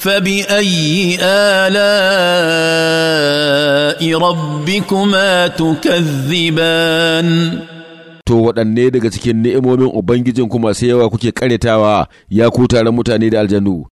فبأي آلاء ربكما تكذبان to waɗanne daga cikin ni'imomin ubangijinku masu yawa kuke karetawa ya ku taron mutane da aljanu